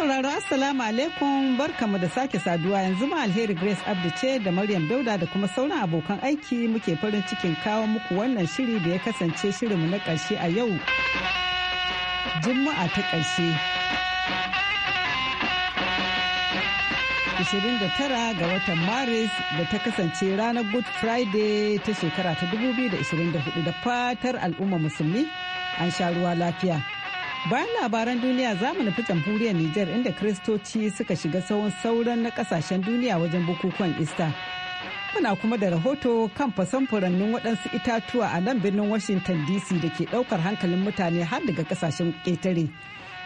sauraro assalamu alaikum barkamu da sake saduwa yanzu ma alheri grace abdu ce da maryam dauda da kuma sauran abokan aiki muke farin cikin kawo muku wannan shiri da ya kasance shirinmu na karshe a yau juma'a ta karshe 29 ga watan maris da ta kasance ranar good friday ta shekara ta 2024 da fatar al'umma musulmi an sha ruwa lafiya. Bayan labaran duniya zamu nufi jamhuriyar Nijar inda kristoci suka shiga sauran sauran na kasashen duniya wajen bukukuwan Ista. Muna kuma da rahoto kan fasan furannin waɗansu itatuwa a nan birnin Washington DC da ke ɗaukar hankalin mutane har daga kasashen ƙetare.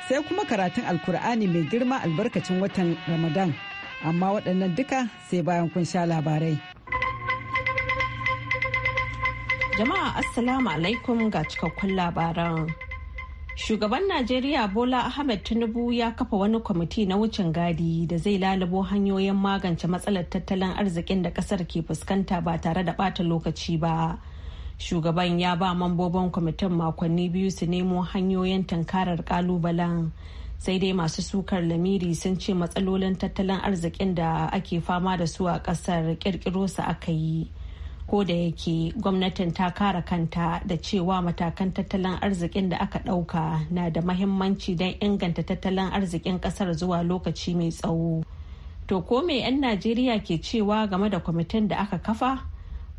Sai kuma karatun Alkur'ani mai girma albarkacin watan Ramadan. Amma waɗannan duka sai bayan kun sha labarai. Jama'a Assalamu alaikum ga cikakkun labaran. Shugaban Najeriya Bola Ahmed Tinubu ya kafa wani kwamiti na wucin gadi da zai lalabo hanyoyin magance matsalar tattalin arzikin da kasar ke fuskanta ba tare da bata lokaci ba. Shugaban ya ba mambobin kwamitin makonni biyu su nemo hanyoyin tankarar kalubalen. sai dai masu sukar lamiri sun ce matsalolin tattalin arzikin da ake fama da su a kasar kirkiro su aka yi ko da yake gwamnatin ta kara kanta da cewa matakan tattalin arzikin da aka ɗauka na da mahimmanci don inganta tattalin arzikin ƙasar zuwa lokaci mai tsawo to ko me 'yan najeriya ke cewa game da kwamitin da aka kafa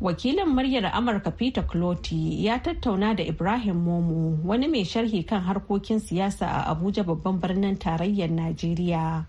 wakilin muryar amurka peter cloti ya tattauna da ibrahim momo wani mai sharhi kan harkokin siyasa a abuja babban birnin tarayyar najeriya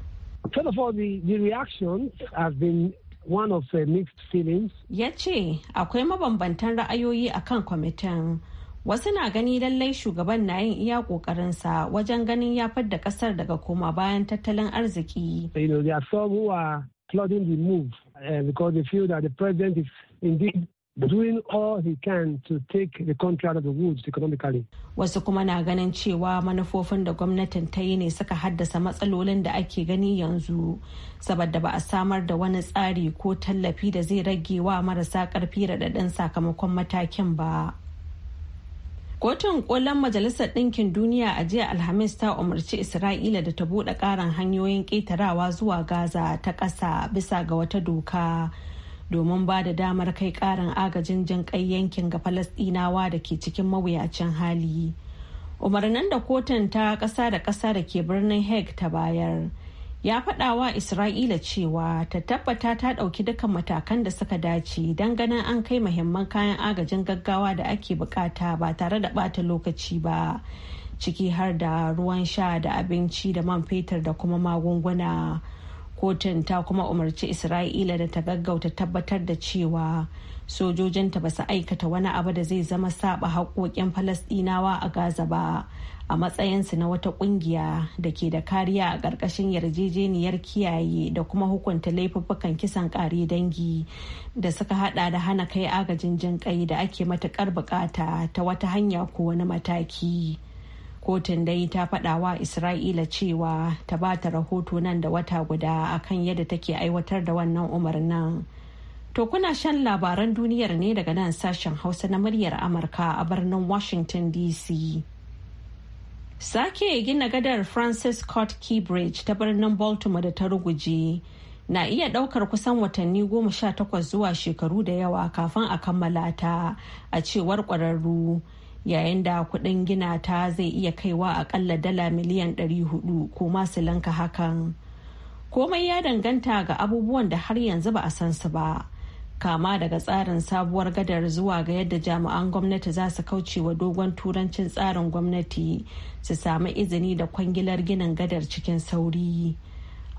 one of the mixed feelings. Ya ce akwai mabambantan ra'ayoyi a kan kwamitin. Wasu na gani lallai shugaban na yin iya ƙoƙarinsa wajen ganin ya fadda ƙasar daga koma bayan tattalin arziki. You know, there are some who are applauding the move uh, because they feel that the president is indeed doing all he can to take the country out of the woods economically. Wasu kuma na ganin cewa manufofin da gwamnatin ta yi ne suka haddasa matsalolin da ake gani yanzu, saboda ba a samar da wani tsari ko tallafi da zai rage wa marasa karfi raɗaɗin sakamakon matakin ba. Kotun kolon Majalisar Ɗinkin Duniya a jiya Alhamis ta umarci Isra'ila da ta buɗe ƙarin hanyoyin ƙetarawa zuwa Gaza ta ƙasa bisa ga wata doka. domin ba da damar kai karin agajin jin kai yankin ga falasdinawa da ke cikin mawuyacin hali umarnin da kotun ta kasa da kasa da ke birnin hague ta bayar ya faɗawa isra'ila cewa ta tabbata ta ɗauki dukkan matakan da suka dace don ganin an kai mahimman kayan agajin gaggawa da ake bukata ba tare da bata lokaci ba ciki har da ruwan sha da abinci da man fetur da kuma magunguna. kotun ta kuma umarci isra'ila da ta gaggauta tabbatar da cewa sojojinta ba su aikata wani abu da zai zama saba haƙoƙin falasɗinawa a gaza ba a matsayinsu na wata ƙungiya da ke da kariya a ƙarƙashin yarjejeniyar kiyaye da kuma hukunta laifuffukan kisan ƙare dangi da suka hada da hana kai agajin jin kai da ake matuƙar buƙata ta wata hanya ko wani mataki. kotun dai ta wa isra'ila cewa ta ba ta rahoto nan da wata guda akan yadda take aiwatar da wannan umarnin to kuna shan labaran duniyar ne daga nan sashen hausa na muryar amurka a birnin washington dc sake gina gadar francis scott key bridge ta birnin baltimore da ta ruguje na iya daukar kusan watanni goma sha takwas zuwa shekaru da yawa kafin a kammala ta a cewar kwararru. yayin da kuɗin gina ta zai iya kaiwa akalla dala miliyan 400 ko masu lanka hakan komai ya danganta ga abubuwan da har yanzu ba a san su ba kama daga tsarin sabuwar gadar zuwa ga yadda jami'an gwamnati za su kauce wa dogon turancin tsarin gwamnati su samu izini da kwangilar ginin gadar cikin sauri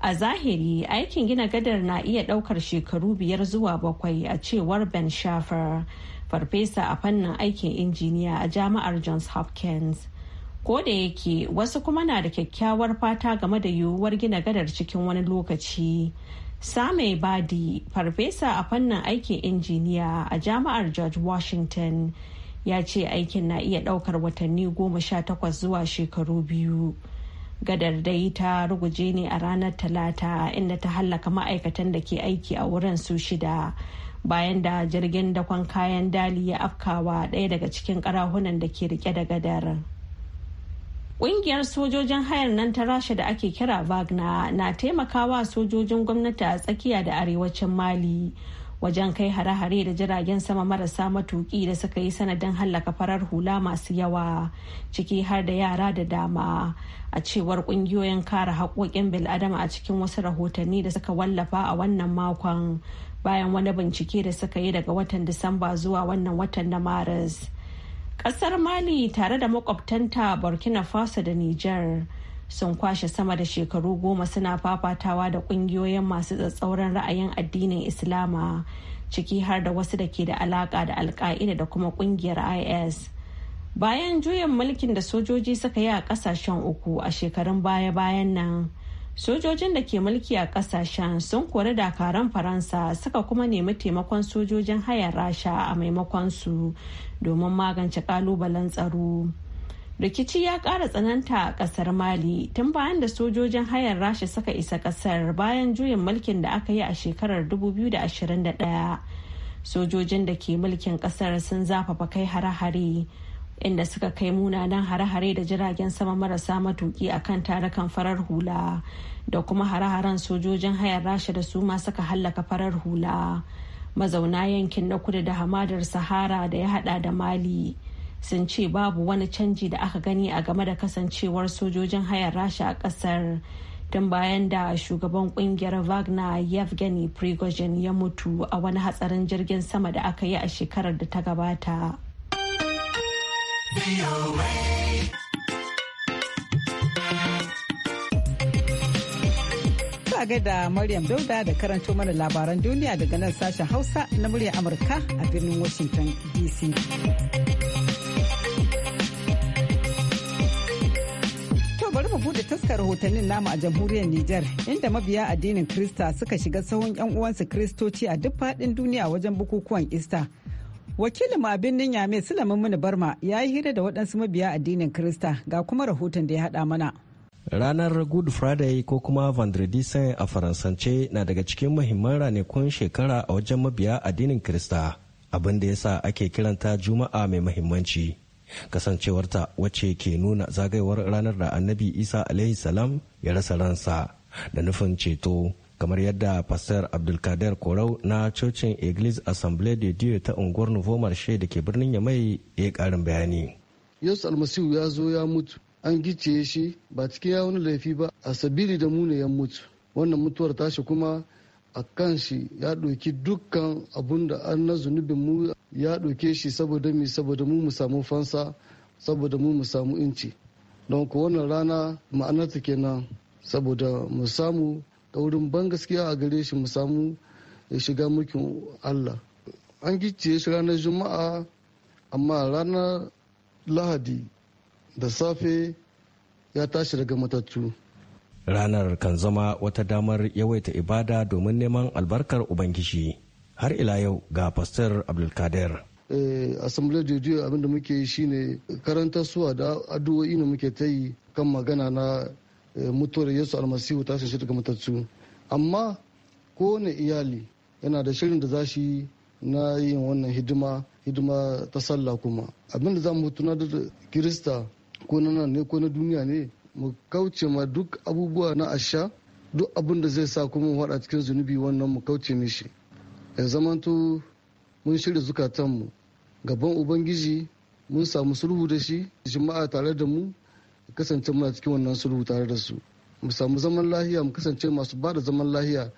a zahiri aikin gina gadar na iya ɗaukar shekaru biyar zuwa bakwai a cewar ben shafar farfesa a fannin aikin injiniya a jami'ar Johns Hopkins. Ko da yake wasu kuma na da kyakkyawar fata game da yiwuwar gina gadar cikin wani lokaci. Same Badi, farfesa a fannin aikin injiniya a jami'ar George Washington, ya ce aikin na iya daukar watanni goma sha takwas zuwa shekaru biyu. Gadar dai ta ruguje ne a ranar Talata inda ta hallaka ma'aikatan da ke aiki a wurin su shida. bayan da jirgin dakon kayan dali ya afkawa ɗaya daga cikin ƙarahunan da ke rike da gadarin. Ƙungiyar sojojin hayar nan ta rasha da ake kira Wagner na taimakawa sojojin gwamnati a tsakiya da arewacin Mali wajen kai hare-hare da jiragen sama marasa matuƙi da suka yi sanadin hallaka farar hula masu yawa ciki har da yara da dama a cewar ƙungiyoyin kare haƙoƙin bil'adama a cikin wasu rahotanni da suka wallafa a wannan makon bayan wani bincike da suka yi daga watan Disamba zuwa wannan watan na Maris. Kasar Mali tare da makwabtanta Burkina Faso da Nijar sun kwashe sama da shekaru goma suna fafatawa da kungiyoyin masu tsatsauran ra'ayin addinin Islama ciki har da wasu da ke da alaƙa da alka'ida da kuma kungiyar IS. Bayan juyin mulkin da sojoji suka yi a ƙasashen uku a shekarun baya-bayan nan. sojojin da ke mulki a kasashen sun kori dakaran faransa suka kuma nemi taimakon sojojin hayar rasha a maimakon su domin magance kalubalen tsaro rikici ya kara tsananta a kasar mali tun bayan da sojojin hayar rasha suka isa kasar bayan juyin mulkin da aka yi a shekarar 2021 sojojin da ke mulkin kasar sun zafafa kai hare-hare inda suka kai munanan hare-hare da jiragen sama marasa matuki a kan tarukan farar hula da kuma hare-haren sojojin hayar rasha da su ma suka hallaka farar hula mazauna yankin na kudu da hamadar sahara da ya hada da mali sun ce babu wani canji da aka gani a game da kasancewar sojojin hayar rasha a kasar tun bayan da shugaban kungiyar wagner yevgeny prigozhin ya mutu a wani hatsarin jirgin sama da aka yi a shekarar da ta gabata. Ka ga da Maryam Dauda da karanto mana labaran duniya daga nan sashen Hausa na muryar Amurka a birnin Washington DC. bari mu bude taskar rahotannin namu a jamhuriyar Nijar inda mabiya addinin Krista suka shiga sahun 'yan uwansu Kristoci a duk faɗin duniya wajen bukukuwan Ista. wakilin a birnin yame sulamin mini barma ya yi hira da waɗansu mabiya addinin krista ga kuma rahoton da ya haɗa mana ranar good friday ko kuma vendredi saint a faransance na daga cikin muhimman ranakun shekara a wajen mabiya addinin krista abin da yasa ake kiranta juma'a mai muhimmanci kasancewarta wacce ke nuna zagayewar ranar da annabi isa alaihi salam ya rasa ransa da nufin ceto kamar yadda pastor abdulkader korau na cocin iglis assembly de dieu ta unguwar nouveau marché da ke birnin ya yamai ya karin bayani yesu almasihu ya zo ya mutu an gice shi ba cikin ya wani laifi ba a sabili da mu ne ya mutu wannan mutuwar tashi kuma a kan shi ya ɗauki dukkan abun da an na zunubin mu ya ɗauke shi saboda mi saboda mu mu samu fansa saboda mu mu samu inci don ku wannan rana ma'anarta kenan saboda mu samu wurin ban gaskiya a gare shi mu samu ya shiga mulkin allah an gicciye shi ranar juma'a amma ranar lahadi da safe ya tashi daga matattu ranar kan zama wata damar yawaita ibada domin neman albarkar ubangiji har ila yau ga pastor abdulkader eh, assembly radio abinda muke yi ne karanta suwa da addu'o'i ne muke ta yi kan magana na Eh, mutuwar yesu almasihu ta shi daga matattu amma kowane iyali yana da shirin da za shi na yin wannan hidima hidima ta sallah kuma abin da za mu tuna da kirista ko na nan ne ko na duniya ne mu kauce ma duk abubuwa na asha duk abin da zai sa kuma wada cikin zunubi wannan mu kauce mishi ya zamanto mun shirya zukatanmu gaban ubangiji mun samu sulhu da shi jima'a tare da mu mu kasance muna cikin wannan sulhu tare da su mu samu zaman lahiya mu kasance masu ba da zaman lahiya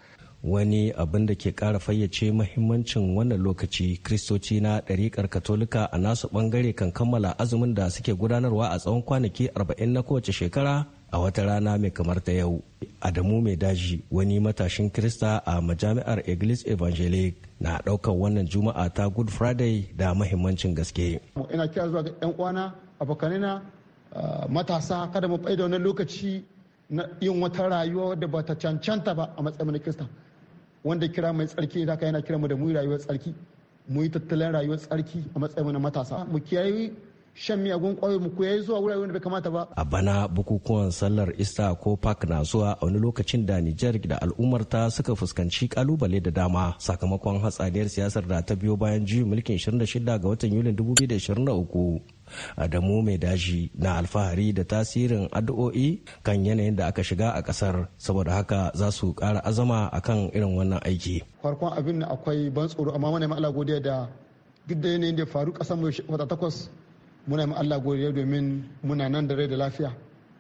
wani abin da ke kara fayyace mahimmancin wannan lokaci kristoci na ɗariƙar katolika a nasu ɓangare kan kammala azumin da suke gudanarwa a tsawon kwanaki 40 na kowace shekara a wata rana mai kamar ta yau adamu mai daji wani matashin krista a majami'ar iglis evangelic na ɗaukar wannan juma'a ta good friday da mahimmancin gaske ina kira zuwa ga 'yan abokanina matasa kada mu faida wani lokaci na yin wata rayuwa da ba ta cancanta ba a matsayin kirista wanda kira mai tsarki da yana kira mu da mu yi rayuwar tsarki mu yi tattalin rayuwar tsarki a matsayin matasa mu kiyaye shan miyagun kwayo mu koya zuwa wuraren da bai kamata ba. A bana bukukuwan sallar Ista ko Park na zuwa a wani lokacin da Nijar da al'ummar ta suka fuskanci kalubale da dama sakamakon hatsaniyar siyasar da ta biyo bayan juyin mulkin 26 ga watan Yulin 2023. adamu mai daji na alfahari da tasirin addu'o'i kan yanayin da aka shiga a kasar saboda haka za su kara azama akan irin wannan aiki farkon abin akwai ban tsoro amma muna Allah godiya da duk da yanayin da faru kasar mu wata takwas muna ma Allah godiya domin muna nan da rai da lafiya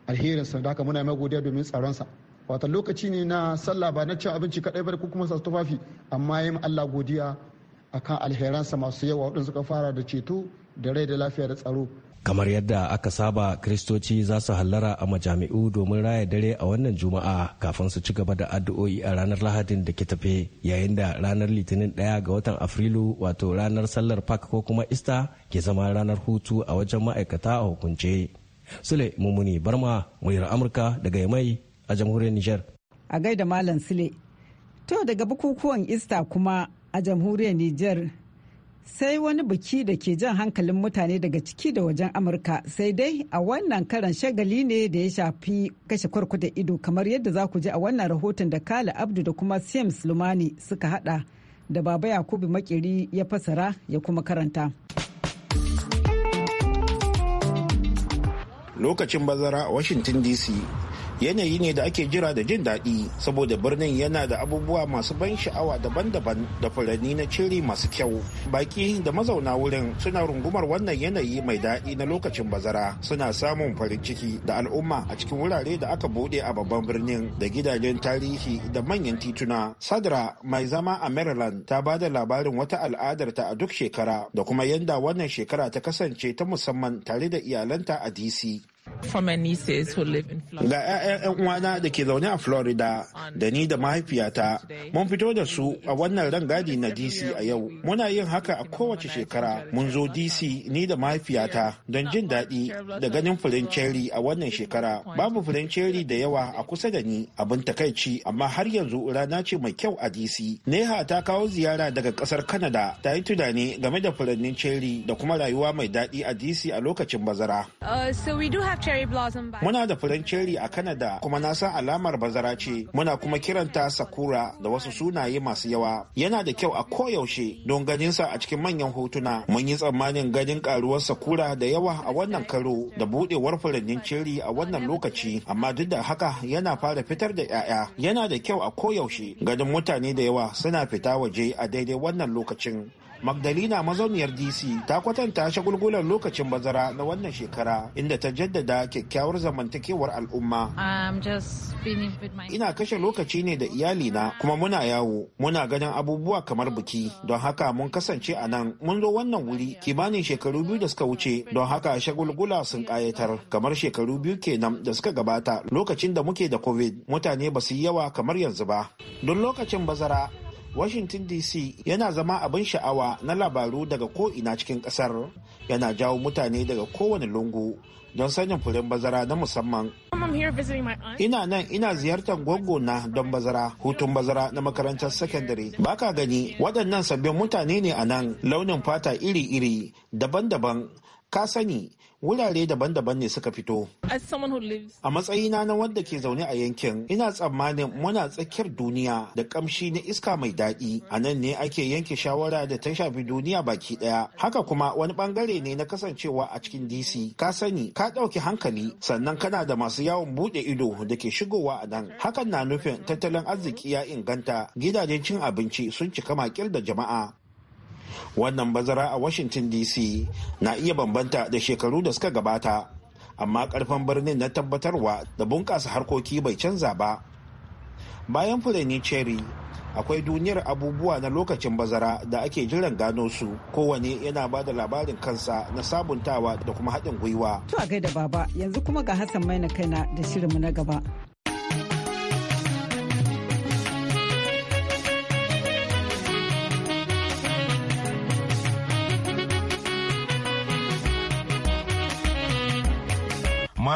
alherin sa da haka muna ma godiya domin tsaron sa wata lokaci ne na sallah ba na cin abinci kadai ba ko kuma sa tufafi amma yayin Allah godiya akan alheransa masu yawa wadanda suka fara da ceto da rai da lafiya da tsaro kamar yadda aka saba kristoci za su hallara a majami'u domin raya dare a wannan juma'a kafin su ci gaba da addu'o'i a ranar lahadin da ke tafe yayin da ranar litinin ɗaya ga watan afrilu wato ranar sallar pak ko kuma ista ke zama ranar hutu a wajen ma'aikata a hukunce sule mummuni barma muyar amurka daga yamai a jamhuriyar nijar. a gaida malam sule to daga bukukuwan ista kuma a jamhuriyar nijar. sai wani biki da ke jan hankalin mutane daga ciki da wajen amurka sai dai a wannan karan shagali ne da ya shafi kashe kwarkwata ido kamar yadda za ku ji a wannan rahoton da kala abdu da kuma sims lumani suka hada da baba yakubu makiri ya fasara ya kuma karanta lokacin bazara a washington dc yanayi ne da ake jira da jin daɗi saboda birnin yana da abubuwa masu ban sha'awa daban-daban da furanni na ciri masu kyau baki da mazauna wurin suna rungumar wannan yanayi mai daɗi na lokacin bazara suna samun farin ciki da al'umma a cikin wurare da aka buɗe a babban birnin da gidajen tarihi da manyan tituna sadra mai zama a maryland ta ba da labarin wata al'adar ta a duk shekara da kuma yanda wannan shekara ta kasance ta musamman tare da iyalanta a dc Ga 'ya'yan uwana da ke zaune a Florida da ni da mahaifiyata mun fito da su a wannan rangadi na DC a yau. Muna yin haka a kowace shekara. Mun zo DC ni da mahaifiyata don jin daɗi da ganin furen cherry a wannan shekara. Babu furen cherry da yawa a kusa da ni abin takaici amma har yanzu rana ce mai kyau a DC. Neha ta kawo ziyara daga ƙasar Canada ta yi tunani game da furannin cherry da kuma rayuwa mai daɗi a DC a lokacin bazara. Uh, Muna da furen cherry a Kanada kuma na san alamar bazara ce. Muna kuma kiranta Sakura da wasu sunaye masu yawa. Yana da kyau a koyaushe don ganinsa a cikin manyan hotuna. Mun yi tsammanin ganin karuwar Sakura da yawa a wannan karo da budewar furannin cherry a wannan lokaci. Amma duk da haka yana fara fitar da 'ya'ya. Yana da kyau a koyaushe ganin mutane da yawa suna fita waje a daidai wannan lokacin. magdalena mazauniyar dc ta kwatanta shagulgulan lokacin bazara na wannan shekara inda ta jaddada kyakkyawar zamantakewar al'umma ina kashe lokaci ne da iyalina kuma muna yawo muna ganin abubuwa kamar biki don haka mun kasance a nan mun zo wannan wuri kimanin shekaru biyu da suka wuce don haka shagulgula sun kayatar kamar shekaru biyu kenan da suka gabata lokacin da muke da covid mutane ba su yi yawa kamar yanzu ba don lokacin bazara Washington DC yana zama abin sha'awa na labaru daga ko'ina cikin kasar yana jawo mutane daga kowane lungu don sanin furen bazara na musamman. Ina nan ina ziyartar na don bazara, hutun bazara na makarantar sakandare. Baka gani waɗannan sabbin mutane ne a nan launin fata iri-iri daban-daban. Ka sani wurare daban-daban ne suka fito. A matsayina na wanda ke zaune a yankin, ina tsammanin muna tsakiyar duniya da kamshi na iska mai daɗi. A nan ne ake yanke shawara da ta shafi duniya baki ɗaya. Haka kuma wani bangare ne na kasancewa a cikin DC. Ka sani, ka ɗauki hankali, sannan kana da masu yawon buɗe ido da ke shigowa a nan. Hakan na nufin tattalin arziki ya inganta, gidajen cin abinci sun cika makil da jama'a. wannan bazara a washington dc na iya bambanta da shekaru da suka gabata amma karfin birnin na tabbatarwa da bunƙasa harkoki bai canza ba bayan fulani cherry akwai duniyar abubuwa na lokacin bazara da ake jiran gano su kowane yana ba da labarin kansa na sabuntawa da kuma haɗin gwiwa. To a gaida baba yanzu kuma ga Hassan Maina kaina da shirinmu na gaba.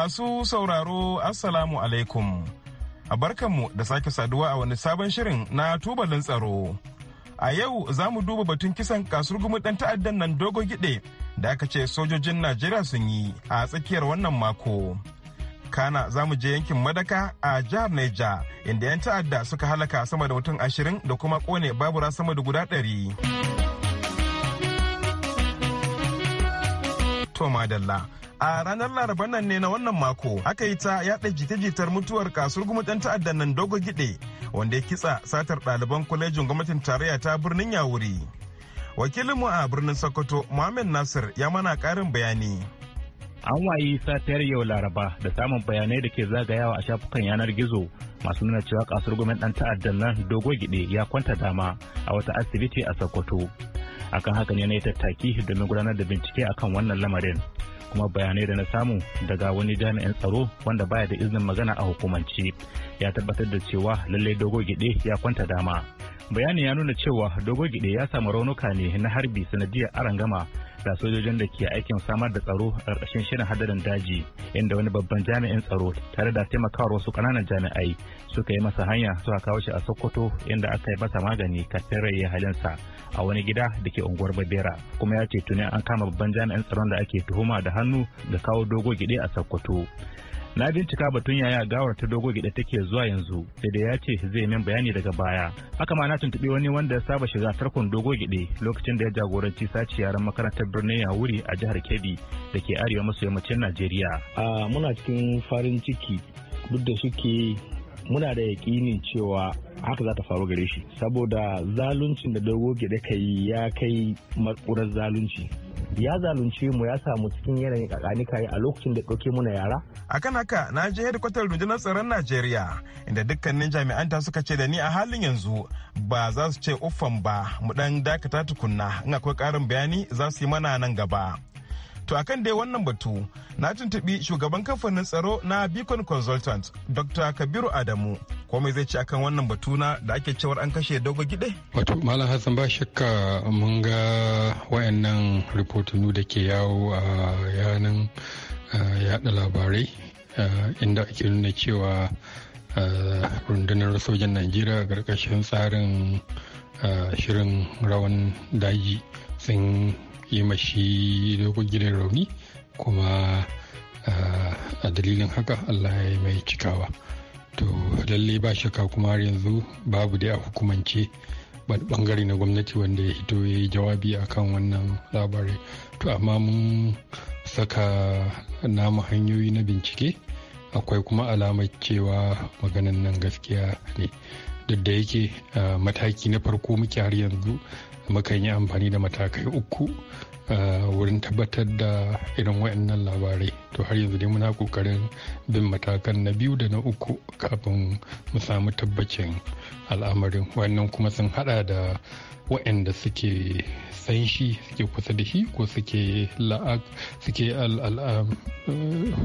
Masu sauraro Assalamu alaikum. A barkanmu da sake saduwa a wani sabon shirin na tubalin tsaro. A yau za mu duba batun kisan kasur gumi ɗan ta'addan nan dogo gide da aka ce sojojin Najeriya sun yi a tsakiyar wannan mako. Kana za mu je yankin Madaka a jihar Neja inda 'yan ta'adda suka halaka sama da mutum ashirin da kuma kone babura sama da guda ɗari. To madalla a ranar laraban nan ne na wannan mako aka yi ta yaɗa jita-jitar mutuwar kasuwar gumi ɗan ta'addan nan dogo gide wanda ya kitsa satar ɗaliban kwalejin gwamnatin tarayya ta birnin yawuri wakilinmu a birnin sokoto muhammed nasir ya mana ƙarin bayani an wayi satayar yau laraba da samun bayanai da ke zagayawa a shafukan yanar gizo masu nuna cewa kasuwar gumi ɗan ta'addan nan dogo gide ya kwanta dama a wata asibiti a sokoto akan haka ne na yi tattaki domin gudanar da bincike akan wannan lamarin kuma bayanai da na samu daga wani jami'in tsaro wanda baya da izinin magana a hukumance ya tabbatar da cewa lallai dogo gide ya kwanta dama bayanin ya nuna cewa dogo gide ya samu raunuka ne na harbi sanadiyar arangama da sojojin da ke aikin samar da tsaro a ƙarƙashin shirin hadarin daji inda wani babban jami'in tsaro tare da taimakawar wasu ƙananan jami'ai suka yi masa hanya suka kawo shi a sokoto inda aka yi masa magani kafin rai ya halinsa a wani gida da ke unguwar babera kuma ya ce tuni an kama babban jami'in tsaron da ake tuhuma da hannu da kawo dogo gide a sokoto na bincika batun yaya gawar ta dogo gida take zuwa yanzu sai da ya ce zai min bayani daga baya haka ma na tuntuɓi wani wanda ya saba shiga tarkon dogo gida lokacin da ya jagoranci sace yaran makarantar birnin yawuri a jihar kebbi da ke arewa maso yammacin najeriya a muna cikin farin ciki duk da suke muna da yaƙinin cewa haka za ta faru gare shi saboda zaluncin da dogo gida kai ya kai matsurar zalunci ya zalunce mu ya samu cikin yanayin kakanika a lokacin da ɗauke muna yara. Akan haka na je hedikwatar rundunar tsaron Najeriya inda dukkanin jami'an ta suka ce da ni a halin yanzu ba za su ce uffan ba mu ɗan dakata tukunna in akwai ƙarin bayani za su yi mana nan gaba. To akan dai wannan batu na tuntuɓi shugaban kamfanin tsaro na Beacon Consultant Dr. Kabiru Adamu. Komai zai ci akan wannan batu na da ake cewar an kashe dogo gide? Wato Malam Hassan ba shakka mun ga wayannan ripotunu da ke yawo a yanan yada labarai inda ake nuna cewa rundunar sojan Najeriya ƙarƙashin tsarin shirin rawan daji sun yi mashi dogon gidan rauni kuma eh, a dalilin haka allah ya yi mai cikawa to lalle ba shaka kuma har yanzu babu dai a hukumance bangare na gwamnati wanda ya hito ya yi jawabi a kan wannan labarai to amma mun saka namu hanyoyi na bincike akwai kuma alamar cewa maganan nan gaskiya ne duk da yake eh, mataki na farko muke har yanzu mukan yi amfani da matakai uku uh, wurin tabbatar da irin wayannan labarai to har yanzu dai muna kokarin bin matakan na biyu da na uku kafin mu samu tabbacin al'amarin wayannan kuma sun hada da wayanda suke san shi suke kusa da shi ko suke suke uh,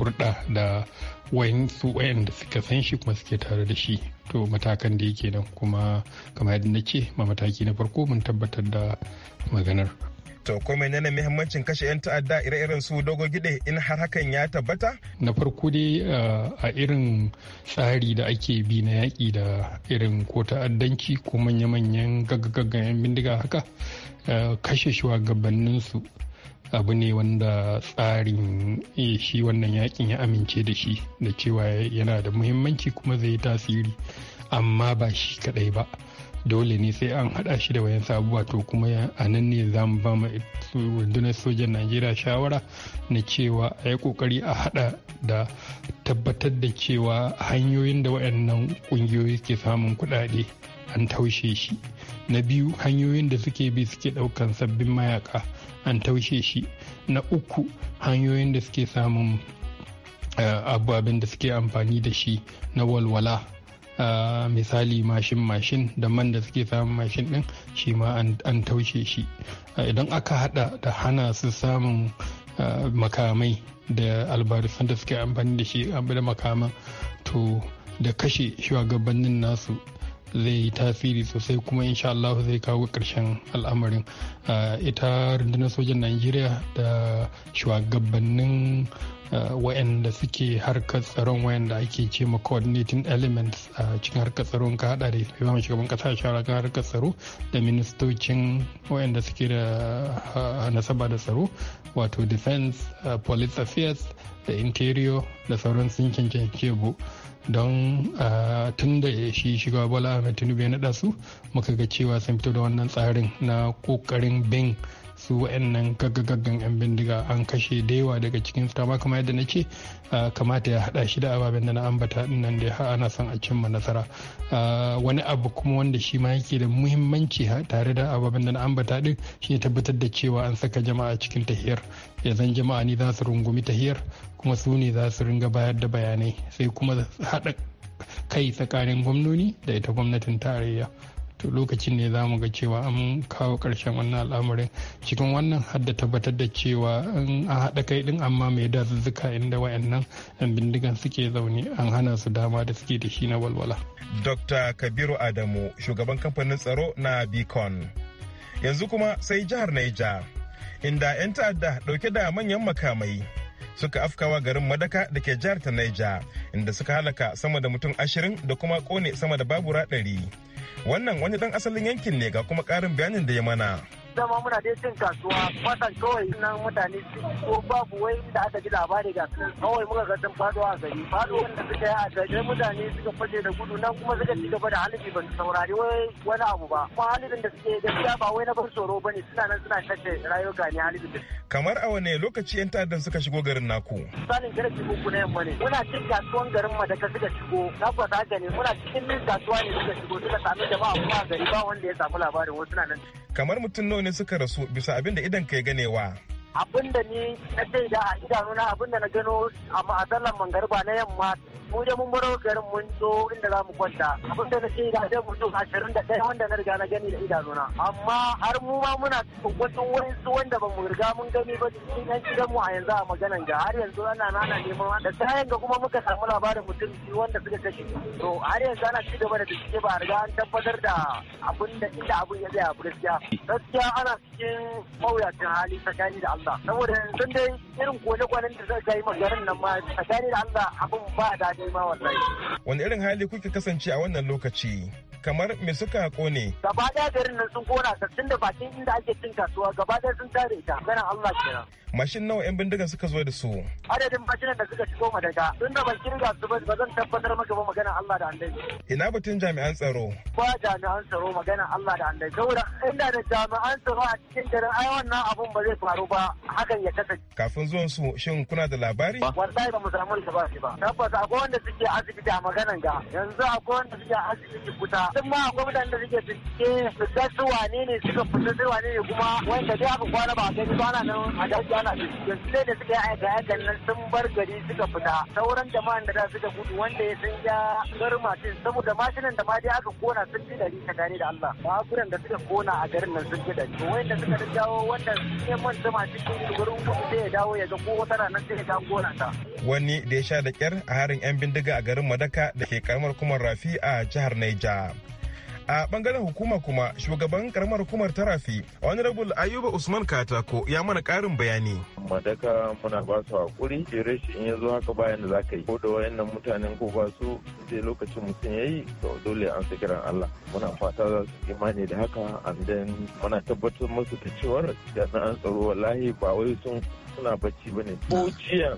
hurda da wayansu wayanda suka san shi kuma suke tare da shi to matakan da yake nan kuma kamar yadda nake ma mataki na farko mun tabbatar da maganar to ko menene muhimmancin kashe 'yan ta'adda ire-iren su dogo gide in har hakan ya tabbata na farko dai eh, a irin tsari da ake bi na yaki da irin ko ta'addanci ko manya-manyan gaggagaggan 'yan bindiga haka eh, kashe su. abu ne wanda tsarin eh, shi wannan yakin ya amince da shi da cewa yana da muhimmanci kuma zai tasiri amma ba shi kadai ba dole ne sai an hada shi da wayan sabuwa to kuma a nan ne za mu ba rundunar sojan najeriya shawara na cewa a yi kokari a hada da tabbatar da cewa hanyoyin da wayannan kungiyoyi ke samun kudade an taushe shi na biyu hanyoyin da suke bi suke ɗaukan sabbin mayaka an taushe shi na uku hanyoyin da suke samun eh, ababen da suke amfani da shi na walwala a ah, misali mashin-mashin da man da suke samun mashin din shi ma an taushe shi ah, idan aka hada da hana su samun ah, makamai da albarisan da suke amfani da shi da makaman to da kashe shugabannin nasu zai yi tasiri sosai kuma insha Allah zai kawo ƙarshen al'amarin ita rundunar sojan najeriya da shugabannin wa'anda suke harkar tsaron wa'anda ake ce ma coordinating elements a cikin harkar tsaron ka hada da yawan shugaban kasa shara kan harkar tsaro da ministocin wa'anda suke da nasaba da tsaro wato defense police affairs da interior da sauran sun cancanci bu don tun da shi shiga bola ahmed tinubu ya naɗa su muka ga cewa sun fito da wannan tsarin na kokarin bin su wa'annan gaggagaggan 'yan bindiga an kashe da yawa daga cikin su ma kamar yadda na ce kamata ya hada shi da ababen da na ambata nan da ya ana son a cimma nasara wani abu kuma wanda shi ma yake da muhimmanci tare da ababen da na ambata din shi tabbatar da cewa an saka jama'a cikin tahiyar ya zan jama'a ne za su rungumi tahiyar kuma su ne za su ringa bayar da bayanai sai kuma haɗa kai tsakanin gwamnoni da ita gwamnatin tarayya to lokacin ne za mu ga cewa an kawo ƙarshen wannan al'amarin cikin wannan hadda tabbatar da cewa an haɗa kai ɗin amma mai dazuzzuka inda wayannan yan bindigan suke zaune an hana su dama da suke da shi na walwala. dr kabiru adamu shugaban kamfanin tsaro na beacon yanzu kuma sai jihar niger inda 'yan ta'adda dauke da manyan makamai suka afkawa garin madaka da ke jihar ta naija inda suka halaka sama da mutum ashirin da kuma kone sama da babura ɗari wannan wani dan asalin yankin ne ga kuma ƙarin bayanin da ya mana zama muna dai cin kasuwa kwatan kawai nan mutane ko babu wai da aka ji labari ga su kawai muka ga sun fado a gari fado wanda suka yi a gari mutane suka fashe da gudu nan kuma suka ci gaba da halibi ban saurari wai wani abu ba kuma halibin da suke gaskiya ba wai na ban tsoro ba ne suna nan suna kashe rayuka ne halibin kamar a wane lokaci yan ta'addan suka shigo garin naku misalin garin shigo kuna yamma ne muna cin kasuwan garin madaka suka shigo na kwata gani muna cikin min kasuwa ne suka shigo suka sami jama'a kuma a gari ba wanda ya samu labarin wasu na nan kamar mutum nawa ne suka rasu bisa abin da idan kai ganewa abin da ni na da a idanuna abin da na gano a ma'azallar mangarba na yamma mu je mun baro garin mun zo inda za mu kwanta abin da na ce da mutum ashirin da ɗaya wanda na riga na gani da idanuna amma har mu ma muna wasu wasu wanda ba mu riga mun gani ba cikin yan gidan mu a yanzu a maganan ga har yanzu ana nana neman da kayan ga kuma muka samu labarin mutum shi wanda suka kashe to har yanzu ana ci gaba da bincike ba a riga an tabbatar da abin da inda abin ya tsaya gaskiya gaskiya ana cikin mawuyacin hali tsakani da Allah saboda yanzu dai irin kone-konen da suka yi garin nan ma tsakani da Allah abin ba dai ma wallahi wani irin hali kuke kasance a wannan lokaci kamar me suka ne. Gaba ɗaya garin nan sun kona ta da bakin inda ake cin kasuwa gaba ɗaya sun tare ta ganin Allah kenan. Mashin nawa 'yan bindiga suka zo da su. Adadin mashinan da suka shigo madaga tun da ban kirga su ba zan tabbatar maka ba magana Allah da annabi. Ina batun jami'an tsaro. Ba jami'an tsaro magana Allah da andai, Saboda inda da jami'an tsaro a cikin garin ai wannan abun ba zai faru ba hakan ya kasance. Kafin zuwan su shin kuna da labari? Wallahi ba mu samu ba. Tabbas akwai wanda suke asibiti a maganan ga yanzu akwai wanda suke asibiti kuta din ma akwai mutanen da suke bincike su ga su wane ne suka fita su wane ne kuma wanda dai aka kwana ba kai ba na nan a daji ana bincike su da suka yi aika aikan nan sun bar gari suka fita sauran jama'an da da suka gudu wanda ya san ya bar mashin saboda mashinan da ma dai aka kona sun fi dari ta gane da Allah baburan da suka kona a garin nan sun fi dari to wanda suka dawo wannan neman zama cikin gurin gudu sai ya dawo ya ga ko tana nan sai ya ga gona ta wani da ya sha da kyar a harin yan bindiga a garin Madaka da ke karamar kuma Rafi a jihar Niger a bangaren hukuma kuma shugaban karamar hukumar tarafi wani honorable ayuba usman katako ya mana karin bayani madaka muna ba su hakuri shirye shi in ya zo haka bayan da za ka yi ko da wayannan mutanen ko ba su ce lokacin mutum ya yi to dole an sa kiran Allah muna fata za su imani da haka and then muna tabbatar musu da cewar jami'an tsaro wallahi ba wai sun suna bacci ba ne.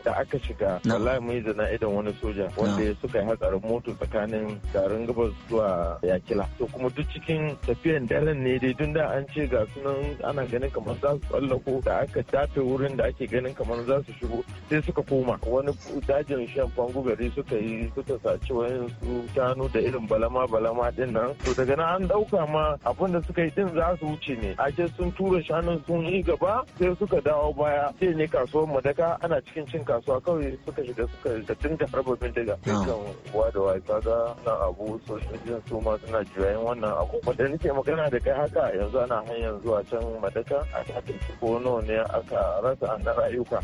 da aka shiga wallahi mun yi zana idan wani soja wanda ya suka yi hatsarin moto tsakanin garin gabas zuwa yakila. To kuma duk cikin tafiyan daren ne dai tun da an ce ga sunan ana ganin kamar za su tsallako da aka tafi wurin da ake ganin kamar za su shigo sai suka koma wani dajin shan fangu gari suka yi suka saci wani su shanu da irin balama balama din nan to daga nan an dauka ma abin da suka yi din za su wuce ne ce sun tura shanun sun yi gaba sai suka dawo baya sai ne kasuwar madaka ana cikin cin kasuwa kawai suka shiga suka da tun da harba bindiga kan wa da wai kaga na abu sojojin su ma suna juyayin wannan abu da nake magana da kai haka yanzu ana hanyar zuwa can madaka a tafi ko nawa ne aka rasa an rayuka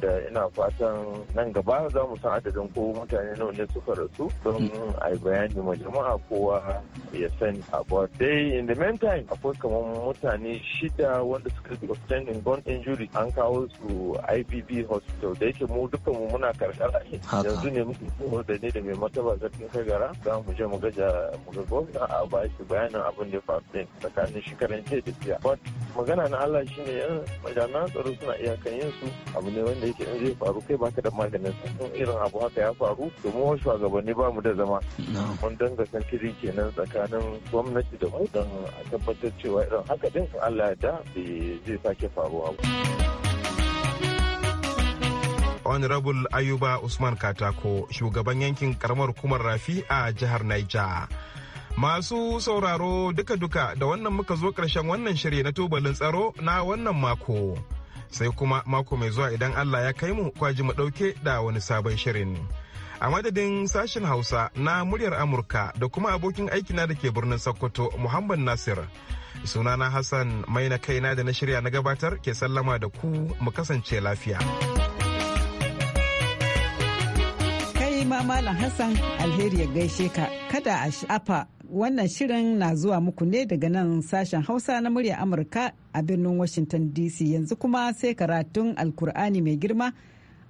da ina fatan nan gaba za mu san adadin ko mutane nawa ne suka rasu don domin mm. a bayani ma jama'a kowa ya sani about dai in the meantime akwai kamar mutane shida wanda suka yi outstanding bone injury an kawo su IBB hospital da yake mu dukkan mu muna karkara yanzu ne muke da ne da mai mataba zartin kagara za mu je mu gaja mu ga gwamna a ba shi bayanin abin da ya faru din tsakanin shi karance da jiya but magana na Allah shine yan majami'an tsaro suna iyakan yin su abu ne wanda yake in zai faru kai baka da maganin sun irin abu haka ya faru domin wasu shugabanni ba mu da da zama mun danga san kenan tsakanin gwamnati da mu don a tabbatar cewa irin haka din Allah ya da eh, zai sake faruwa ba. honorable ayuba usman katako shugaban yankin karamar kumar rafi a jihar niger masu sauraro duka-duka da wannan muka zo ƙarshen wannan shirye na tubalin tsaro na wannan mako sai kuma mako mai zuwa idan allah ya kai mu kwaji mu ɗauke da wani sabon shirin. a madadin sashen hausa na muryar amurka da kuma abokin aikina da ke birnin sokoto muhammad nasir sunana hassan mai na kaina da na shirya na gabatar ke sallama da ku mu kasance lafiya kai ma malam hassan alheri ya gaishe ka kada a sha'afa wannan shirin na zuwa muku ne daga nan sashen hausa na murya amurka a birnin washington dc yanzu kuma sai karatun alkur'ani mai girma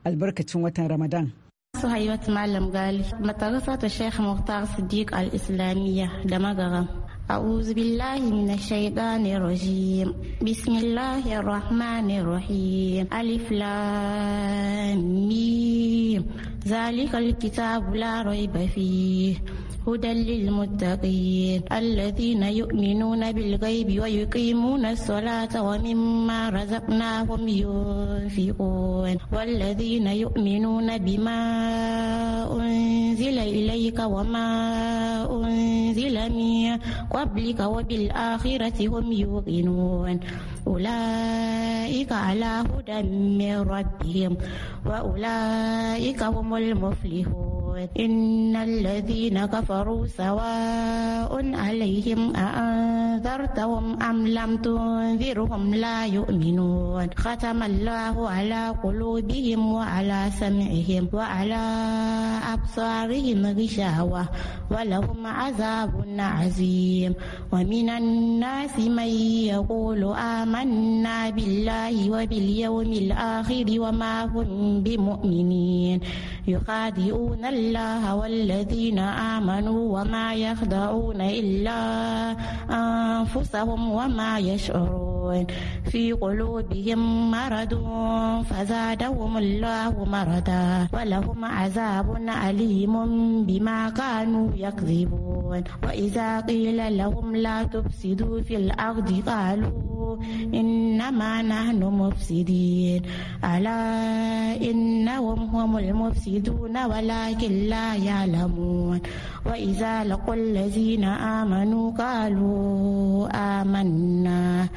albarkacin watan ramadan صحيبة معلم قال مدرسة الشيخ مختار صديق الإسلامية دمغرة أعوذ بالله من الشيطان الرجيم بسم الله الرحمن الرحيم ألف لام ذلك الكتاب لا ريب فيه هدى للمتقين الذين يؤمنون بالغيب ويقيمون الصلاة ومما رزقناهم ينفقون والذين يؤمنون بما أنزل إليك وما أنزل من قبلك وبالآخرة هم يوقنون أولئك على هدى من ربهم وأولئك هم المفلحون إن الذين كفروا سواء عليهم أأنذرتهم أم لم تنذرهم لا يؤمنون ختم الله على قلوبهم وعلى سمعهم وعلى أبصارهم غشاوة ولهم عذاب عظيم ومن الناس من يقول آمنا بالله وباليوم الآخر وما هم بمؤمنين يخادعون الله والذين آمنوا وما يخدعون إلا أنفسهم وما يشعرون في قلوبهم مرض فزادهم الله مرضا ولهم عذاب أليم بما كانوا يكذبون وإذا قيل لهم لا تفسدوا في الأرض قالوا إنما نحن مفسدين ألا إنهم هم المفسدون يفسدون ولكن لا يعلمون وإذا لقوا الذين آمنوا قالوا آمنا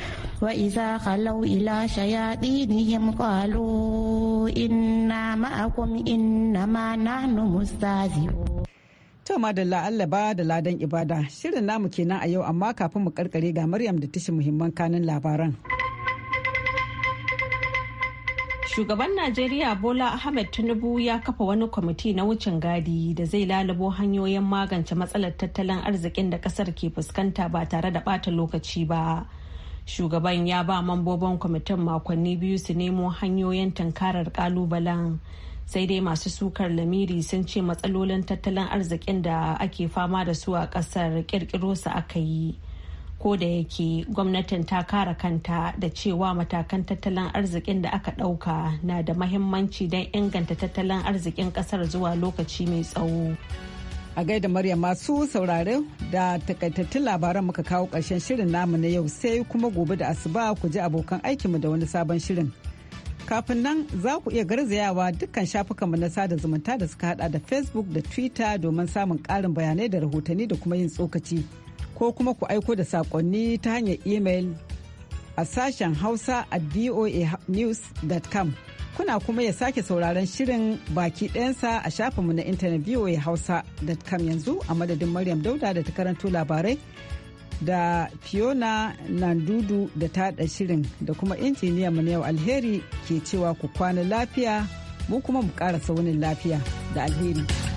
وإذا خلوا إلى شياطينهم قالوا إنا معكم إنما نحن مستهزئون To madalla Allah ba da ladan ibada shirin namu kenan a yau amma kafin mu karkare ga Maryam da tashi muhimman kanin labaran. Shugaban Najeriya Bola Ahmed Tinubu ya kafa wani kwamiti na wucin gadi da zai lalubo hanyoyin magance matsalar tattalin arzikin da kasar ke fuskanta ba tare da ɓata lokaci ba. Shugaban ya ba mambobin kwamitin makonni biyu su nemo hanyoyin tankarar kalubalen. Sai dai masu sukar lamiri sun ce matsalolin tattalin arzikin da ake fama da su a kasar kirkiro su aka yi. ko da yake gwamnatin ta kara kanta da cewa matakan tattalin arzikin da aka ɗauka na da mahimmanci don inganta tattalin arzikin ƙasar zuwa lokaci mai tsawo a gaida Maryam masu saurare da takaitattun labaran muka kawo karshen shirin namu na yau sai kuma gobe da asuba ku ji abokan aikinmu da wani sabon shirin. Kafin nan za ku iya garzayawa dukkan shafukanmu na sada zumunta da suka hada da Facebook da Twitter domin samun ƙarin bayanai da rahotanni da kuma yin tsokaci. ko kuma ku aiko da saƙonni ta hanyar imel a sashen hausa at voanews.com kuna kuma ya sake sauraron shirin baki ɗayansa a shafinmu na intanet voahausa.com yanzu a madadin maryam dauda da ta karanto labarai da fiona nandudu da taɗa shirin da kuma injiniyanmu na yau alheri ke cewa ku kwana lafiya mu kuma mu ƙara saunin lafiya da alheri.